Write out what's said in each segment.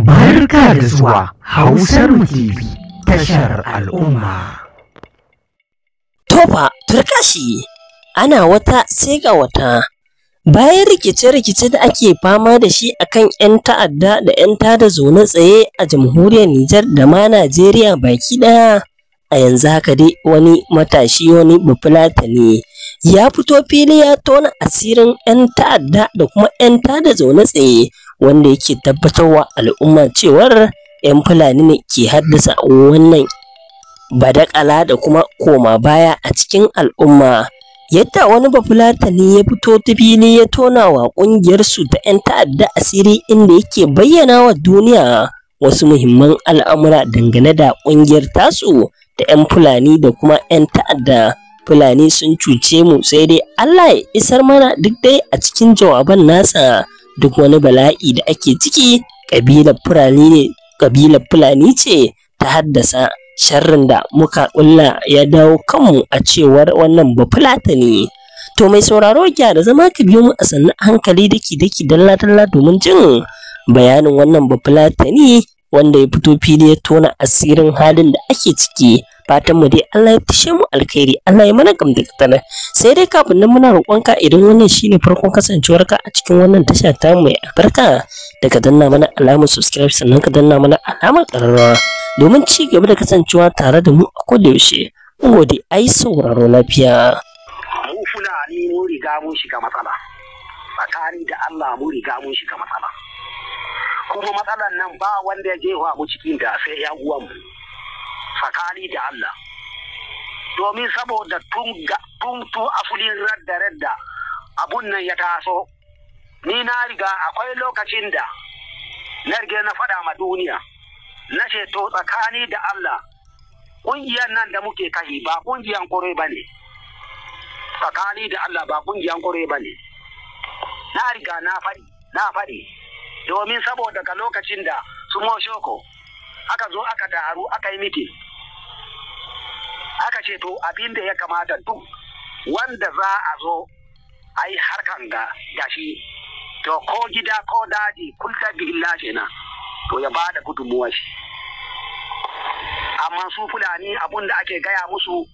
Barka da zuwa Hausar TV tashar al'umma. Tofa turkashi ana wata sai ga wata. Bayan rikice-rikice da ake fama da shi a kan 'yan ta'adda da 'yan tada zaune tsaye a jamhuriyar Nijar da ma Najeriya baki ɗaya, a yanzu haka dai wani matashi wani bafulata ne ya fito fili ya tona asirin 'yan ta'adda da kuma 'yan tada zaune tsaye wanda yake tabbatarwa al'umma cewar 'yan Fulani ne ke haddasa wannan badakala da kuma koma baya a cikin al'umma. Yadda wani bafulatani ya fito ta ne ya tona wa ƙungiyarsu ta 'yan ta'adda asiri inda yake bayyana wa duniya wasu muhimman al'amura dangane da ƙungiyar tasu da 'yan Fulani da kuma 'yan ta'adda. Fulani sun cuce mu sai dai Allah ya isar mana duk dai a cikin jawaban nasa duk wani bala'i da ake ciki ƙabilar Fulani ne ƙabilar Fulani ce ta haddasa sharrin da muka ƙulla ya dawo kanmu a cewar wannan ne. To mai sauraro gyara zama ka biyo mu a sannan hankali daki daki dalla dalla domin jin bayanin wannan ne wanda ya fito fili ya tona asirin halin da ake ciki fatan mu dai Allah ya tishe mu alkhairi Allah ya mana tana, sai dai kafin nan muna roƙonka idan wannan shine farkon kasancewarka a cikin wannan tasha ta ya barka daga danna mana alamar subscribe sannan ka danna mana alamar ƙararrawa domin ci gaba da kasancewa tare da mu a yaushe mun gode ai sauraro lafiya mu fulani mu riga mun shiga matsala tsakani da Allah mu riga mun shiga matsala kuma matsalan nan ba wanda ya jefa mu cikin da sai ya uwan mu tsakani da Allah domin saboda tun tu afulin radda radda abun nan ya taso ni na riga akwai lokacin da na rige na faɗa ma duniya na to tsakani da Allah ƙungiyar nan da muke kashi ba ƙungiyar kore ba ne tsakani da Allah ba ƙungiyar kore ba ne na riga na faɗi na faɗi domin saboda ga lokacin da su shoko aka zo aka taru aka yi mitin aka ce to abin da ya kamata duk wanda za a zo a yi harkan da gashi to ko gida ko daji kulta bihilla kenan to ya bada da gudunmuwa shi amma su fulani abun da ake gaya musu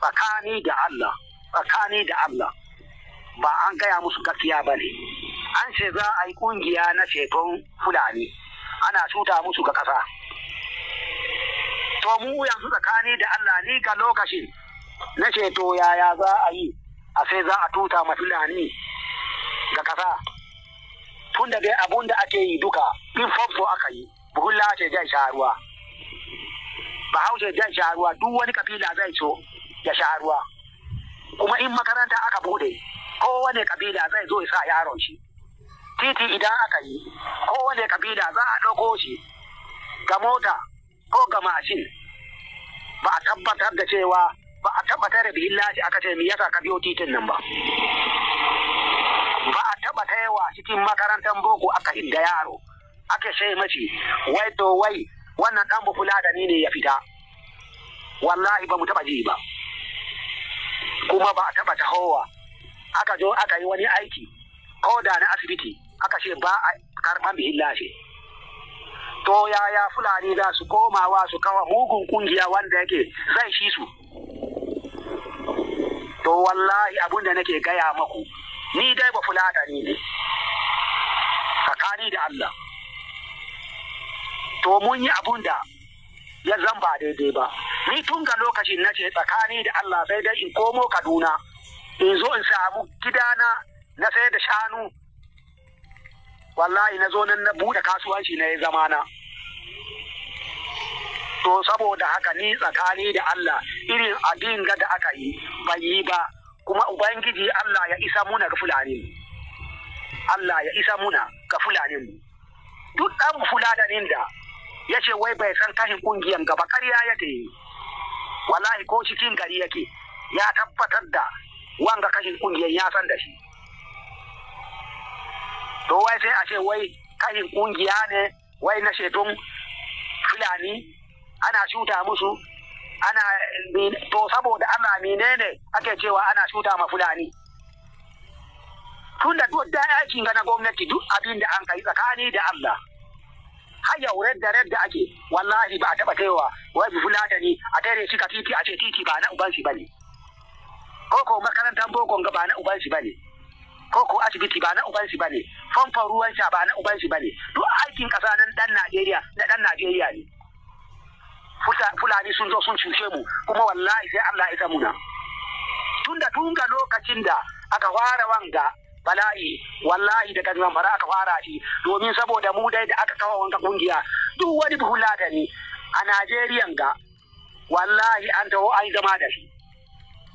tsakani da Allah tsakani da Allah ba an gaya musu gaskiya ba ne an ce za a yi kungiya na ceton fulani ana cuta musu ga ƙasa. to mu yanzu tsakani da Allah ni ga lokaci na ce to yaya za a yi a sai za a tuta ma Fulani ga kasa tun da dai abun da ake yi duka in fofso aka yi buhulla ce zai sha ruwa bahaushe zai sha duk wani kabila zai so ya sha kuma in makaranta aka bude kowane kabila zai zo ya sa yaron shi titi idan aka yi kowane kabila za a ɗauko shi ga mota ko ga mashin ba a tabbatar da cewa ba a tabbatar da bihin lashi aka ce me yasa ka biyo titin nan ba ba a taba yawa cikin makarantar boko aka hidda yaro aka shai mace wai to wai wannan dan bufula da ni ne ya fita wallahi ba mu taba ji ba kuma ba a taba tahowa aka zo aka yi wani aiki ko da na asibiti aka ce ba a karban bihin lashi to yaya fulani za su komawa su kawa mugun kungiya wanda yake zai shi su to wallahi abun da nake gaya maku ni dai ba fulata ne tsakani da Allah to mun yi abun da ya zan daidai ba ni tun ga lokacin na ce tsakani da Allah sai dai in komo Kaduna in zo in samu gidana na sayar da shanu wallahi na zo nan na buɗe kasuwanci na yi zamana. to saboda haka ni tsakani da Allah irin abin ga da aka yi bai yi ba kuma ubangiji Allah ya isa muna ga fulani Allah ya isa muna ga fulani duk dan fulanin da ya ce wai bai san kashin kungiyan gaba ƙarya ya ta yi wallahi ko cikin gari yake ya tabbatar da wanga kashin kungiyan ya san da shi to wai sai a ce wai kashin kungiya ne wai na sheton fulani ana shuta musu ana to saboda Allah menene ake cewa ana shuta ma fulani tunda duk da aikin ga na gwamnati duk abin da an kai tsakani da Allah har wurin da da ake wallahi ba a taba kaiwa wai fulatani a tare shi ka titi a ce titi ba na ubansi bane ko ko makarantar boko ga ba na ubansi bane ko ko asibiti ba na ubansi bane famfan ruwan sha ba na ubansi bane duk aikin kasa nan dan Najeriya na dan Najeriya ne fulani sun zo sun cuce mu kuma wallahi sai Allah ya muna tunda tun ga lokacin da aka fara wanga bala'i wallahi daga bara aka fara shi domin saboda mu dai da aka kawo wanga kungiya duk wani buhula da ni a Najeriya ga wallahi an taho ai zama da shi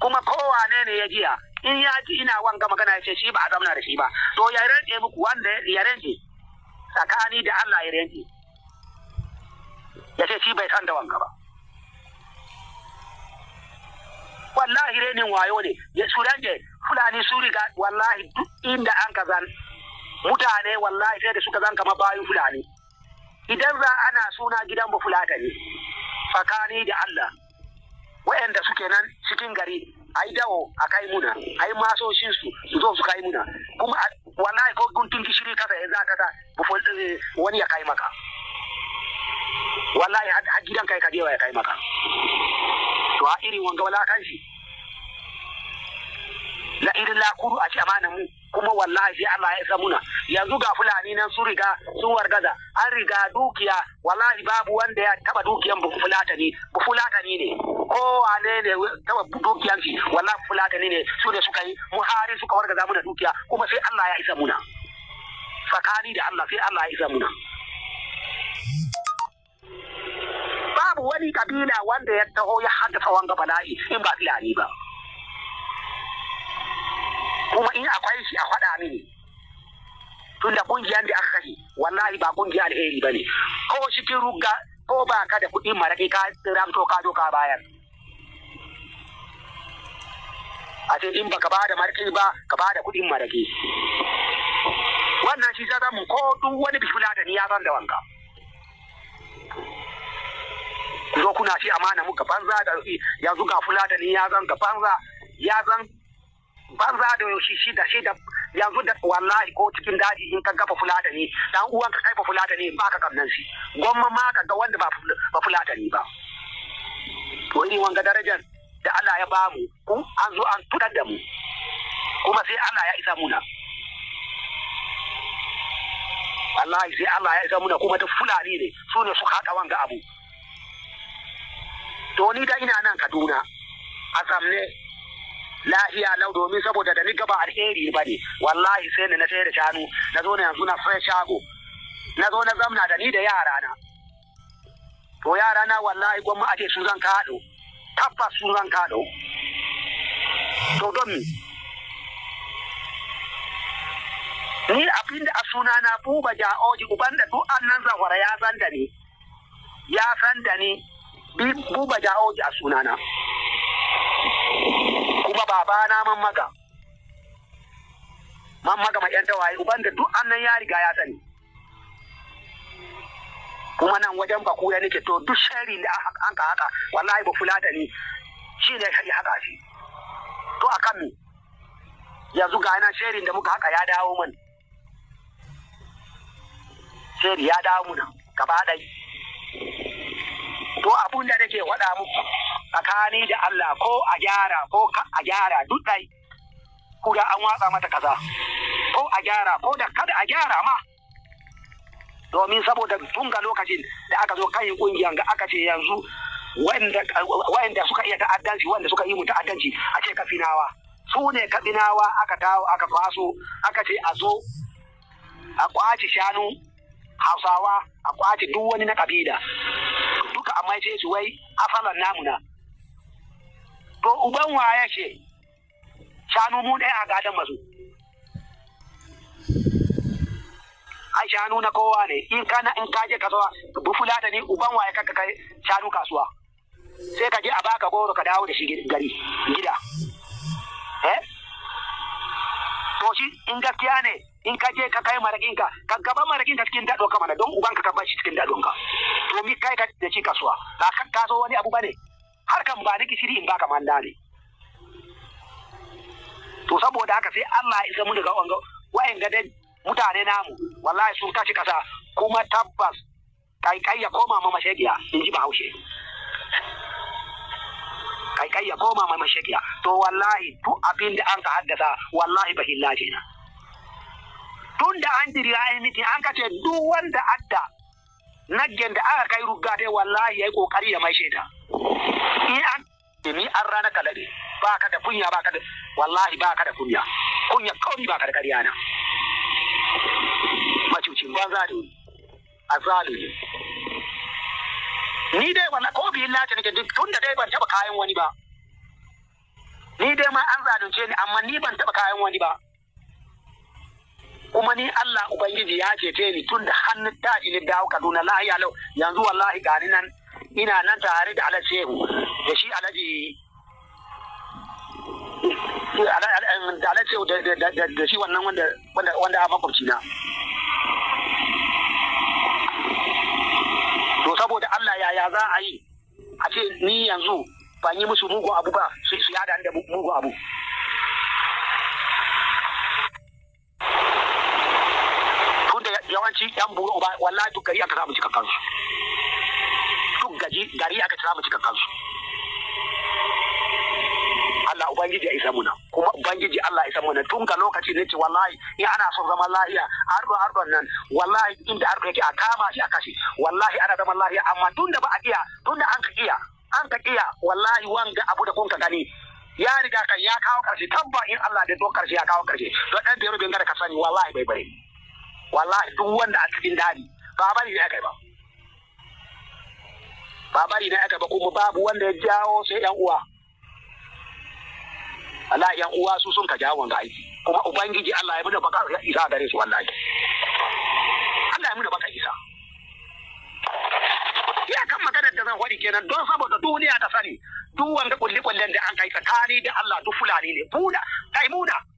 kuma kowane ne ya jiya in ya ji ina wanga magana ya ce shi ba a zamana da shi ba to ya rage muku wanda ya rage tsakani da Allah ya rage ya ce shi bai san da wanka ba wallahi renin wayo ne ya suranje fulani su riga wallahi duk inda an ka zan mutane wallahi sai da suka zan kama bayan fulani idan za ana suna gidan ba fulata ne fakani da Allah wa'anda suke nan cikin gari ai dawo a kai muna ai masoshin su su zo su kai muna kuma wallahi ko guntun gishiri kasa ya za ka ta eh, wani ya kai maka wallahi a gidan kai kaje ya kai maka to a irin wanga wala kan shi la irin kuru a ci amana mu kuma wallahi sai Allah ya isa muna yanzu ga fulani nan sun riga sun wargaza an riga dukiya wallahi babu wanda ya taba dukiyan bu fulatani bu fulatani ne ko wane ne taba dukiyan shi wallahi fulatani ne su ne suka yi muhari suka wargaza muna dukiya kuma sai Allah ya isa muna tsakani da Allah sai Allah ya isa muna babu wani kabila wanda ya taho ya haddasa wanga bala'i in ba filani ba kuma in akwai shi a faɗa mini tun da kungiyar da aka kashe wallahi ba kungiyar alheri ba ne ko shi kin ruga ko ba ka da kuɗi maraƙi ka ramto ka zo ka bayar a ce in ba ba bada marƙi ba ka bada kuɗin maraƙi wannan shi za mu ko duk wani bifula da ni ya zan da wanka. ku zo kuna shi amana muka banza da ya fulata ne ya zan ga banza ya zan banza da shi shi da shi da yanzu da wallahi ko cikin daji in ka gafa fulatani dan uwan ka kai fulatani ba ka kamnan shi gomma ma ka ga wanda ba fulatani ba to irin wanga darajar da Allah ya bamu ku an zo an tudar da mu kuma sai Allah ya isa muna wallahi sai Allah ya isa muna kuma da fulani ne su ne suka haɗa wanga abu to ni da ina nan kaduna a samne lafiya lau domin saboda da ni gaba alheri ba ne wallahi sai ni na sayar da shanu na zo na yanzu na fara shago na zo na zamna da ni da yara na to yara na wallahi gwamma a ce su zan kaɗo tabbas su zan kaɗo to don mi ni abin da a suna na buba ja'oji uban da duk annan zawara ya san da ni ya san da ni buba jawo a sunana kuma babana man maga man maga mai yan tawaye uban da duk annan ya riga ya sani kuma nan wajen baku ya nake to duk sharri da an ka haka wallahi ba fulata ne shi ne ya haka shi to a kan me yanzu ga yana sharri da muka haka ya dawo mun. sharri ya dawo mun gaba ɗaya to abun da nake waɗa muku tsakani da Allah ko a gyara ko a gyara duk dai an watsa mata kaza ko a gyara ko da kada a gyara ma domin saboda tun ga lokacin da aka zo kan kungiyan ga aka ce yanzu wanda suka iya ta'addanci wanda suka yi mu ta'addanci a ce kafinawa su ne kafinawa aka dawo aka faso aka ce a zo a kwaci shanu hausawa a kwaci duk wani na kabila duka amma sai su wai afalan namuna to uban wa ya ce shanu mu ɗaya a gadon masu ai shanu na kowa ne in kana in ka je kasuwa bufula da ni uban wa ya kaka kai shanu kasuwa sai ka je a baka goro ka dawo da shi gari gida eh to shi in gaskiya ne in ka je ka kai marakin ka ka gaba marakin ka cikin dadon ka mana don uban ka bashi cikin dadon ka to mi kai ka da ci kasuwa ba kan ka wani abu bane har kan ba ni shiri in baka manda ne to saboda haka sai Allah ya isa mu daga wanga ga dai mutane namu wallahi sun kace kasa kuma tabbas kai kai ya koma ma shegiya in ji bahaushe kai kai ya koma ma shegiya to wallahi duk abin da an ka haddasa wallahi bahilla kenan tun da an diri ayi miti an kace duk wanda adda naggen da aka kai rugga dai wallahi ya yi kokari ya mai shaida in an ni an rana kalare ba ka da kunya ba ka da wallahi ba ka da kunya kunya kawai ba ka da kariya na macucin banza da wuri a zalimi ni dai wannan ko biyin lati nake tun da dai ban taba kayan wani ba ni dai ma an zalunce ni amma ni ban taba kayan wani ba kuma ni Allah ubangiji ya cece ni tun da hannun ta ini dawo Kaduna lahiya lau yanzu wallahi gani nan ina nan tare da Alhaji da shi Alhaji da Alhaji da shi wannan wanda wanda a makwabci na to saboda Allah yaya za a yi a ce ni yanzu ban yi musu mugun abu ba su yada da mugun abu yawanci yan buru ba wallahi duk gari aka samu cikakan su duk gaji gari aka samu cikakan su Allah ubangiji ya isa muna kuma ubangiji Allah ya isa muna tun ka lokaci ne ce wallahi in ana son zaman lahiya ardo ardon nan wallahi inda ardo yake a kama shi a kashi wallahi ana zaman lahiya amma tun da ba a iya tun da an ka iya an ka iya wallahi wanga abu da kun ka gani ya riga kan ya kawo karshe tabba in Allah da don karshe ya kawo karshe don ɗan biyar biyar ka sani wallahi bai bari wallahi duk wanda a cikin dari ba bari ne aka yi ba ba bari ne aka yi ba kuma babu wanda ya jawo sai yan uwa Allah yan uwa su sun ka jawo wanda aiki kuma ubangiji Allah ya muna baka ya isa gare su wallahi Allah ya muna baka isa ya kan magana da zan faɗi kenan don saboda duniya ta sani duk wanda kulli kullen da an kai tsakani da Allah duk fulani ne buna kai muna